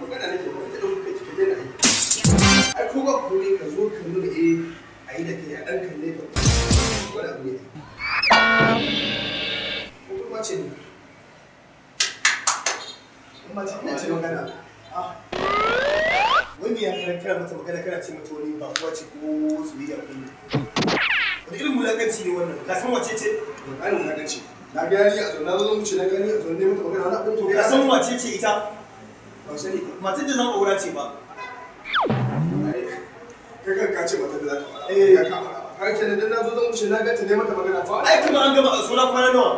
magana nake ba ta dauki kai ka daina aiki ai ko ba ku ne ka zo ka nuna eh ayi da kai a dan kalle ka wani abu ne ko kuma ce ne kuma ce ina ce magana ah wani ya kana kira mata magana kana ce mata wani ba kuwa ce ko soyayya ko ne wani irin mulakanci ne wannan ka san wace ce ba ƙarin mulakanci na gani a zaune na zo mu na gani a zaune ne mata magana wani abin to ka san wace ce ita matar da zama aura ce ba ka kan ka ce matar da za ka aura eh ka aura har kenan dan na zo zan wuce na ga ta ne mata magana fa ai kuma an gama a sura kwana nawa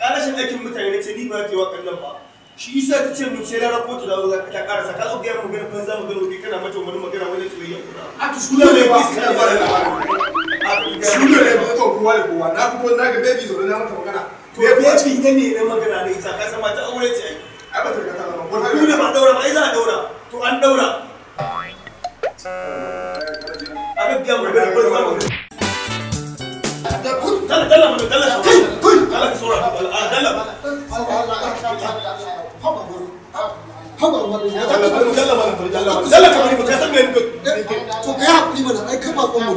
karashin aikin mutane na ce ni ba ke wa kallon ba shi isa ta ce mun sai rana kotu da za ta karasa ka zo biya magana ban za magana wuri kana mata wani magana wani soyayya kuna a ta sura ne ba da ba da labarin sura ne ba to kowa da kowa na kuma na ga baby zo da mata magana to baby ne ne magana ne ita ka san ta aure ce ai ba ta ga ta wata da ba daura ba ai za a daura to an daura abin biya mu da kuma zamu dalla dalla mu dalla kai kai dalla ka sura ah, dalla haba wani ya dalla dalla mu dalla dalla ka bari mu ka san me to kai hakuri mana ai kai ba gonmu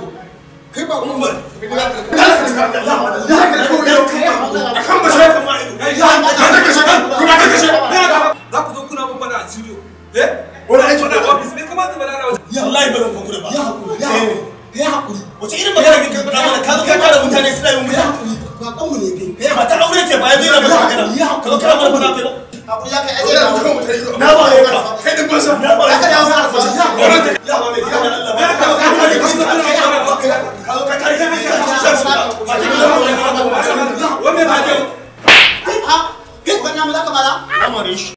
kai ba gonmu dalla ka dalla dalla ka dalla akan ba sai ka ma wallahi ba zan kunkura ba ya hakuri ya hakuri ya hakuri wace irin magana kake faɗa mana ka zo ka tara mutane suna yin ya hakuri ba kan mu ne kai ba ta aure ce ba ya zo na magana ya hakuri ka kana mana faɗa kai hakuri ya kai aje na mutum mutane na ba ya ba kai din ban san ya ba ya kai ya fara fara ya ba ya ya ba ya Allah ba ya ka ka ka ka ka ka ka ka ka wannan ba dai kai wannan mu zaka mala amarin shi